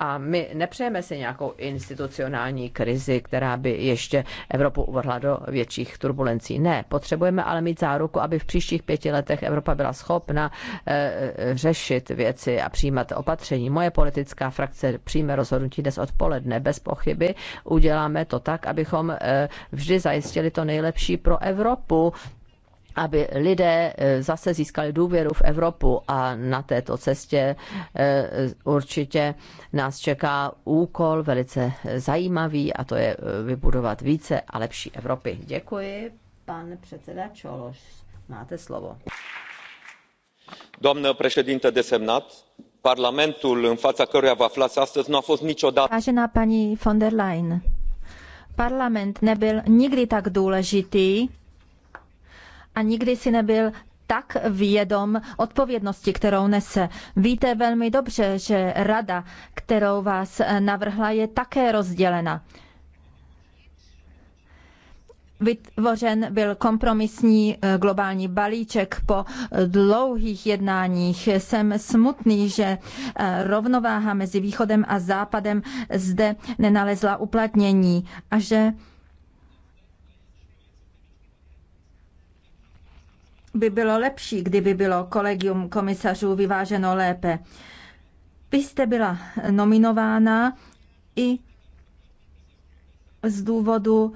a my nepřejeme si nějakou institucionální krizi, která by ještě Evropu uvrhla do větších turbulencí. Ne, potřebujeme ale mít záruku, aby v příštích pěti letech Evropa byla schopna eh, eh, řešit věci a přijímat opatření. Moje politická frakce při přijme rozhodnutí dnes odpoledne. Bez pochyby uděláme to tak, abychom eh, vždy zajistili to nejlepší pro Evropu aby lidé eh, zase získali důvěru v Evropu a na této cestě eh, určitě nás čeká úkol velice zajímavý a to je vybudovat více a lepší Evropy. Děkuji, pan předseda Čološ. Máte slovo. Doamnă președintă desemnat, parlamentul în fața căruia vă aflați astăzi nu a fost niciodată. Vážená paní von der Leyen, parlament nebyl nikdy tak důležitý a nikdy si nebyl tak vědom odpovědnosti, kterou nese. Víte velmi dobře, že rada, kterou vás navrhla, je také rozdělena. Vytvořen byl kompromisní eh, globální balíček po eh, dlouhých jednáních. Jsem smutný, že eh, rovnováha mezi východem a západem zde nenalezla uplatnění a že by bylo lepší, kdyby bylo kolegium komisařů vyváženo lépe. Vy jste byla nominována i z důvodu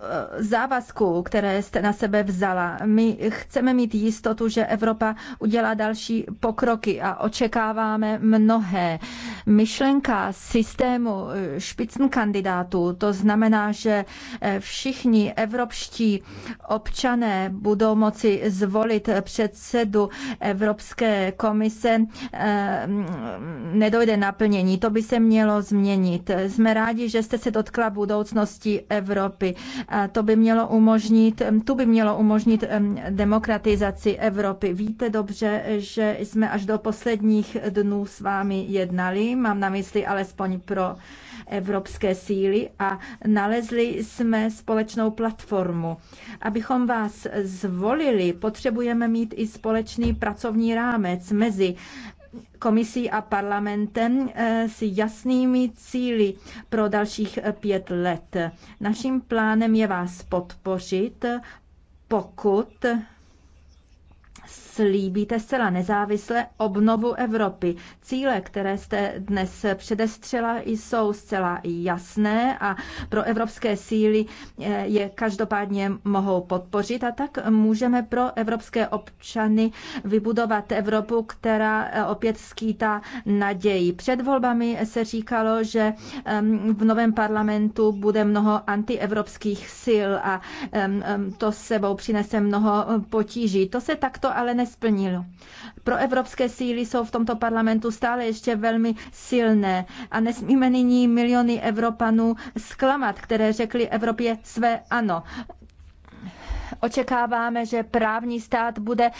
Eh, závazků, které jste na sebe vzala. My chceme mít jistotu, že Evropa udělá další pokroky a očekáváme mnohé. Myšlenka systému špicn kandidátů, to znamená, že eh, všichni evropští občané budou moci zvolit předsedu Evropské komise, eh, nedojde naplnění. To by se mělo změnit. Jsme rádi, že jste se dotkla budoucnosti Evropy. To by mělo umožnit, tu by mělo umožnit demokratizaci Evropy. Víte dobře, že jsme až do posledních dnů s vámi jednali, mám na mysli alespoň pro evropské síly a nalezli jsme společnou platformu. Abychom vás zvolili, potřebujeme mít i společný pracovní rámec mezi komisí a parlamentem eh, s jasnými cíly pro dalších eh, pět let. Naším plánem je vás podpořit, pokud slíbíte zcela nezávisle obnovu Evropy. Cíle, které jste dnes předestřela, jsou zcela jasné a pro evropské síly eh, je každopádně mohou podpořit a tak můžeme pro evropské občany vybudovat Evropu, která eh, opět skýtá naději. Před volbami se říkalo, že v novém parlamentu bude mnoho antievropských sil a to sebou přinese mnoho eh, potíží. To se takto ale nes pro Proevropské síly jsou v tomto parlamentu stále ještě velmi silné a nesmíme nyní miliony Evropanů zklamat, které řekli Evropě své ano očekáváme, že právní stát bude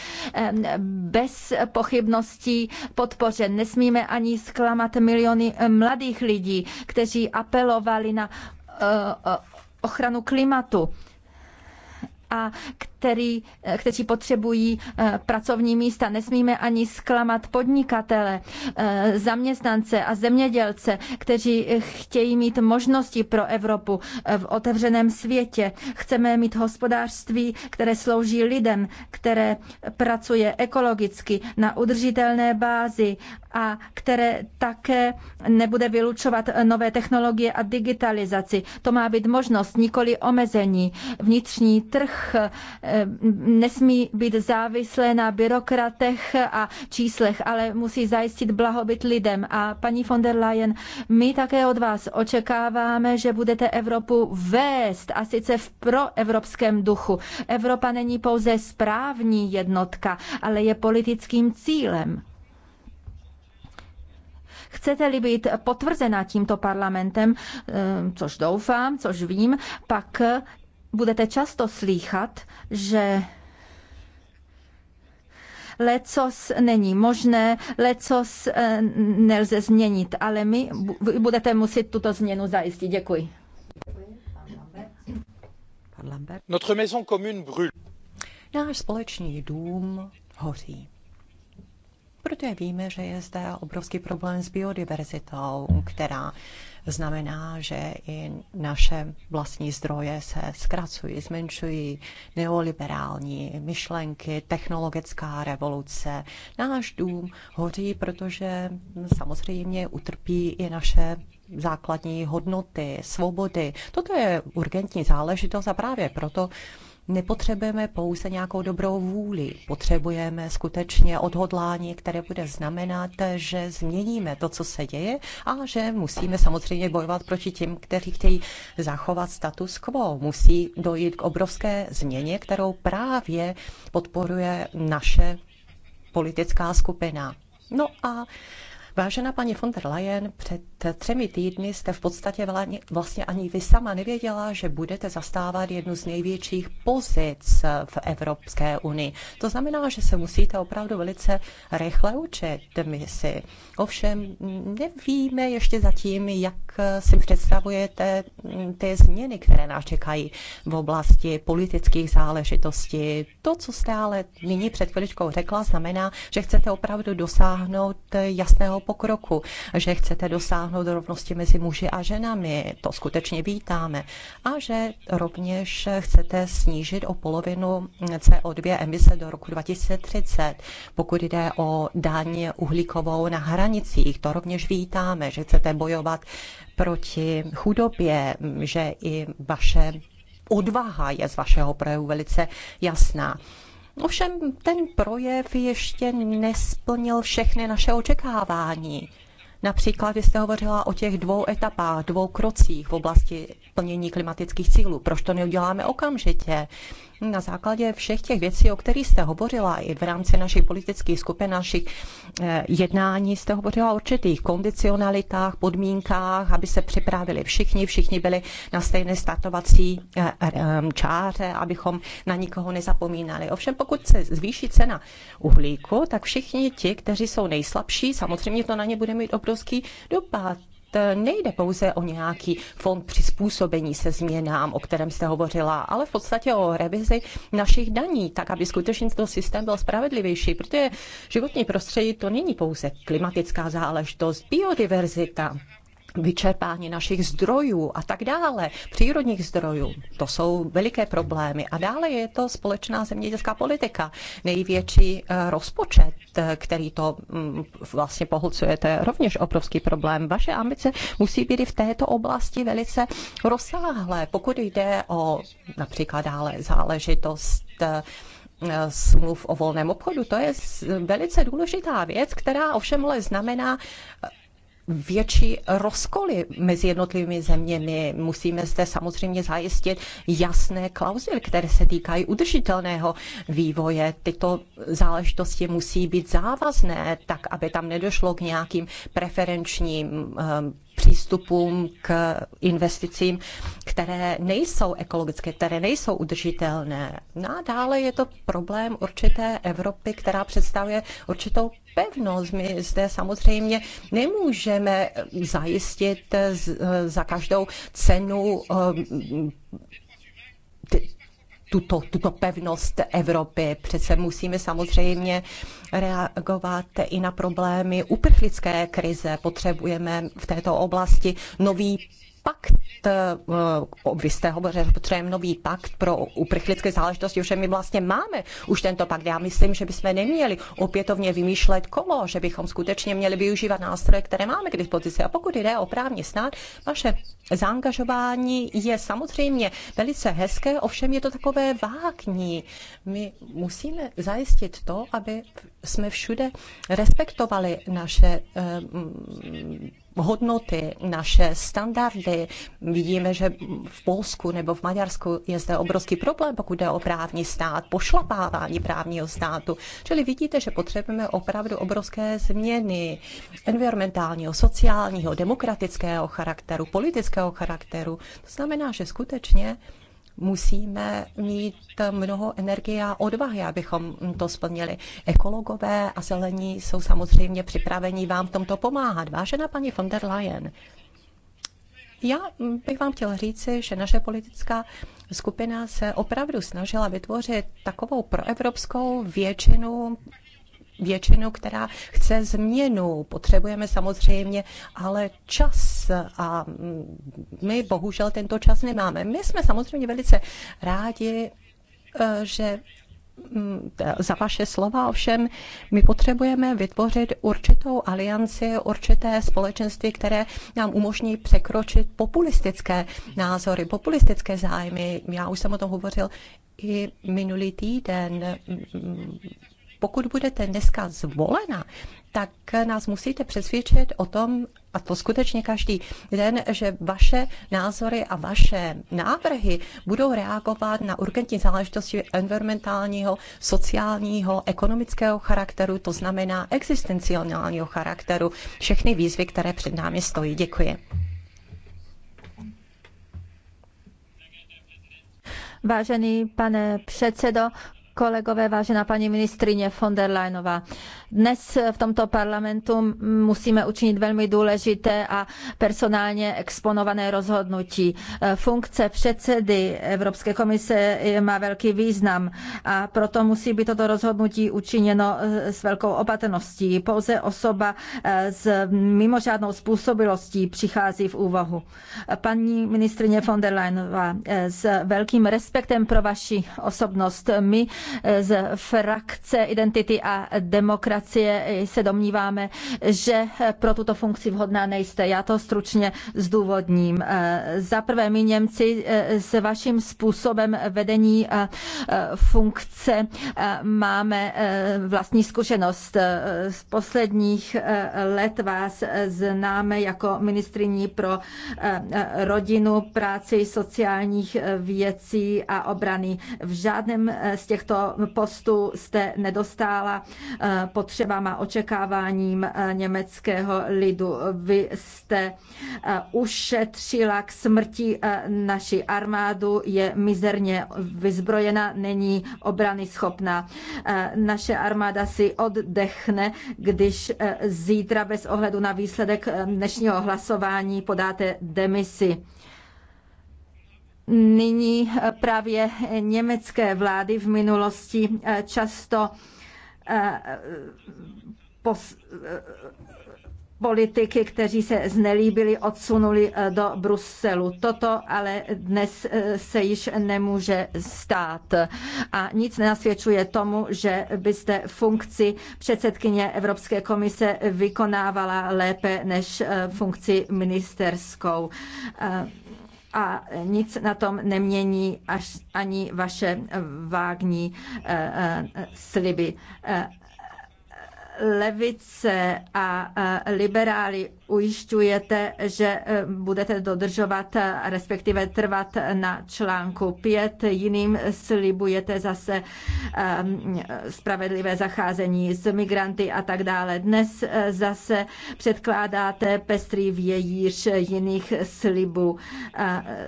bez pochybností podpořen. Nesmíme ani zklamat miliony mladých lidí, kteří apelovali na eh, eh, ochranu klimatu a kteří který, eh, kteří potřebují eh, pracovní místa. Nesmíme ani zklamat podnikatele, eh, zaměstnance a zemědělce, kteří chtějí mít možnosti pro Evropu v otevřeném světě. Chceme mít hospodářství, které slouží lidem, které pracuje ekologicky na udržitelné bázi a které také nebude vylučovat nové technologie a digitalizaci. To má být možnost, nikoli omezení. Vnitřní trh Eh, nesmí být závislé na byrokratech a číslech, ale musí zajistit blahobyt lidem. A paní von der Leyen, my také od vás očekáváme, že budete Evropu vést a sice v proevropském duchu. Evropa není pouze správní jednotka, ale je politickým cílem. Chcete-li být potvrzena tímto parlamentem, eh, což doufám, což vím, pak budete často slýchat, že lecos není možné, lecos eh, nelze změnit, ale my budete muset tuto změnu zajistit. Děkuji. Notre maison commune brûle. Náš společný dům hoří. Protože víme, že je zde obrovský problém s biodiverzitou, která znamená, že i naše vlastní zdroje se zkracují, zmenšují neoliberální myšlenky, technologická revoluce. Náš dům hoří, protože samozřejmě utrpí i naše základní hodnoty, svobody. Toto je urgentní záležitost a právě proto nepotřebujeme pouze nějakou dobrou vůli, potřebujeme skutečně odhodlání, které bude znamenat, že změníme to, co se děje a že musíme samozřejmě bojovat proti těm, kteří chtějí zachovat status quo. Musí dojít k obrovské změně, kterou právě podporuje naše politická skupina. No a Vážená paní von der Leyen, před třemi týdny jste v podstatě vlastně ani vy sama nevěděla, že budete zastávat jednu z největších pozic v Evropské unii. To znamená, že se musíte opravdu velice rychle učit misi. Ovšem nevíme ještě zatím, jak si představujete mm, ty změny, které nás čekají v oblasti politických záležitostí. To, co jste ale nyní před chviličkou řekla, znamená, že chcete opravdu dosáhnout jasného pokroku, že chcete dosáhnout rovnosti mezi muži a ženami, to skutečně vítáme, a že rovněž chcete snížit o polovinu CO2 emise do roku 2030. Pokud jde o daň uhlíkovou na hranicích, to rovněž vítáme, že chcete bojovat proti chudobě, že i vaše odvaha je z vašeho projevu velice jasná. Ovšem ten projev ještě nesplnil všechny naše očekávání. Například vy jste hovořila o těch dvou etapách, dvou krocích v oblasti plnění klimatických cílů. Proč to neuděláme okamžitě? na základě všech těch věcí, o kterých jste hovořila i v rámci našich politických eh, skupin, našich jednání, jste hovořila o určitých kondicionalitách, podmínkách, aby se připravili všichni, všichni byli na stejné startovací eh, eh, čáře, abychom na nikoho nezapomínali. Ovšem, pokud se zvýší cena uhlíku, tak všichni ti, kteří jsou nejslabší, samozřejmě to na ně bude mít obrovský dopad. Eh, nejde pouze o nějaký fond přizpůsobení se změnám, o kterém jste hovořila, ale v podstatě o revizi našich daní, tak aby skutečně ten systém byl spravedlivější, protože životní prostředí to není pouze klimatická záležitost, biodiverzita, vyčerpání našich zdrojů a tak dále, přírodních zdrojů. To jsou veliké problémy. A dále je to společná zemědělská politika. Největší eh, rozpočet, eh, který to mm, vlastně pohlcuje, to je rovněž obrovský problém. Vaše ambice musí být i v této oblasti velice rozsáhlé. Pokud jde o například dále záležitost eh, smluv o volném obchodu. To je velice důležitá věc, která ovšem ale znamená větší rozkoly mezi jednotlivými zeměmi. Musíme zde samozřejmě zajistit jasné klauzuly, které se týkají udržitelného vývoje. Tyto záležitosti musí být závazné, tak aby tam nedošlo k nějakým preferenčním ehm, přístupům k investicím, které nejsou ekologické, které nejsou udržitelné. No a dále je to problém určité Evropy, která představuje určitou pevnost. My zde samozřejmě nemůžeme zajistit za každou cenu um, tuto, tuto pevnost Evropy. Přece musíme samozřejmě reagovat i na problémy uprchlické krize. Potřebujeme v této oblasti nový pakt, eh, eh, vy jste hovořil, že potřebujeme nový pakt pro uprchlické záležitosti, že my vlastně máme už tento pakt. Já myslím, že bychom neměli opětovně vymýšlet kolo, že bychom skutečně měli využívat nástroje, které máme k dispozici. A pokud jde o právní snad, vaše zaangažování je samozřejmě velice hezké, ovšem je to takové vákní. My musíme zajistit to, aby jsme všude respektovali naše um, hodnoty, naše standardy. Vidíme, že v Polsku nebo v Maďarsku je zde obrovský problém, pokud jde o právní stát, pošlapávání právního státu. Čili vidíte, že potřebujeme opravdu obrovské změny environmentálního, sociálního, demokratického charakteru, politického charakteru. To znamená, že skutečně musíme mít mnoho energie a odvahy, abychom to splnili. Ekologové a zelení jsou samozřejmě připraveni vám v tomto pomáhat. Vážená paní von der Leyen, já bych vám chtěl říci, že naše politická skupina se opravdu snažila vytvořit takovou proevropskou většinu většinu, která chce změnu. Potřebujeme samozřejmě ale čas a my bohužel tento čas nemáme. My jsme samozřejmě velice rádi, eh, že mm, za vaše slova, ovšem my potřebujeme vytvořit určitou alianci, určité společenství, které nám umožní překročit populistické názory, populistické zájmy. Já už jsem o tom hovořil i minulý týden pokud budete dneska zvolena, tak nás musíte přesvědčit o tom, a to skutečně každý den, že vaše názory a vaše návrhy budou reagovat na urgentní záležitosti environmentálního, sociálního, ekonomického charakteru, to znamená existenciálního charakteru, všechny výzvy, které před námi stojí. Děkuji. Vážený pane předsedo, kolegové, vážená paní ministrině von der Leinová. Dnes v tomto parlamentu musíme učinit velmi důležité a personálně exponované rozhodnutí. Funkce předsedy Evropské komise má velký význam a proto musí být toto rozhodnutí učiněno s velkou opatrností. Pouze osoba s mimořádnou způsobilostí přichází v úvahu. Paní ministrině von der Leinová, s velkým respektem pro vaši osobnost, my z frakce Identity a demokracie se domníváme, že pro tuto funkci vhodná nejste. Já to stručně zdůvodním. Za prvé, my Němci s vaším způsobem vedení funkce máme vlastní zkušenost. Z posledních let vás známe jako ministriní pro rodinu, práci, sociálních věcí a obrany. V žádném z těchto postu jste nedostála eh, potřebám a očekáváním eh, německého lidu. Vy jste eh, ušetřila k smrti naši armádu, je mizerně vyzbrojena, není obrany schopná. Naše armáda si oddechne, když zítra bez ohledu na výsledek dnešního hlasování podáte demisi nyní eh, právě německé vlády v minulosti eh, často eh, pos, politiky, kteří se znelíbili, odsunuli do Bruselu. Toto ale dnes se již nemůže stát. A nic nenasvědčuje tomu, že byste funkci předsedkyně Evropské komise vykonávala lépe než funkci ministerskou a nic na tom nemění až ani vaše vágní eh, eh, sliby eh, levice a liberáli ujišťujete, že eh, budete dodržovat, eh, respektive trvat na článku 5. Jiným slibujete zase eh, spravedlivé zacházení s migranty a tak dále. Dnes zase předkládáte pestrý vějíř jiných slibů.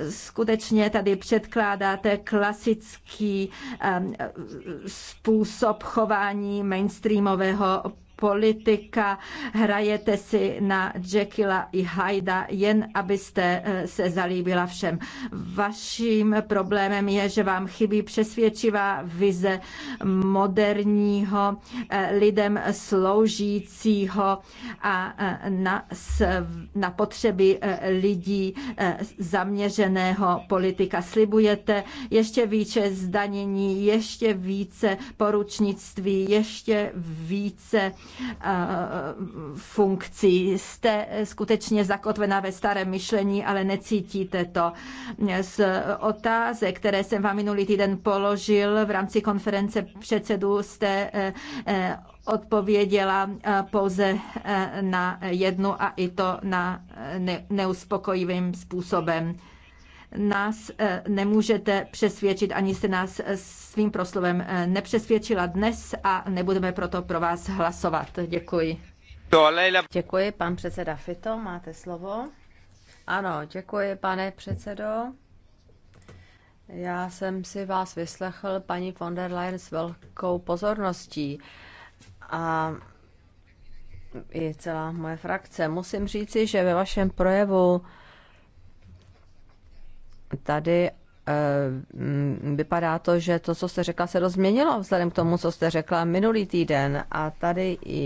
Skutečně tady předkládáte klasický způsob chování mainstreamového politika, hrajete si na Jekyla i Hyda, jen abyste eh, se zalíbila všem. Vaším problémem je, že vám chybí přesvědčivá vize moderního, eh, lidem sloužícího a eh, na, na potřeby lidí zaměřeného politika. Slibujete ještě více zdanění, ještě více poručnictví, ještě více Eh, funkcí. Jste skutečně zakotvená ve starém myšlení, ale necítíte to. Z otázek, které jsem vám minulý týden položil v rámci konference předsedů, jste eh, odpověděla eh, pouze na jednu a i to na neuspokojivým způsobem nás nemůžete přesvědčit, ani se nás svým proslovem eh, nepřesvědčila dnes a nebudeme proto pro vás hlasovat. Děkuji. Děkuji, pan předseda Fito, máte slovo. Ano, děkuji, pane předsedo. Já jsem si vás vyslechl, paní von der Leyen, s velkou pozorností. A i celá moje frakce. Musím říci, že ve vašem projevu tady Eh, mm, vypadá to, že to, co jste řekla, se rozměnilo vzhledem k tomu, co jste řekla minulý týden. A tady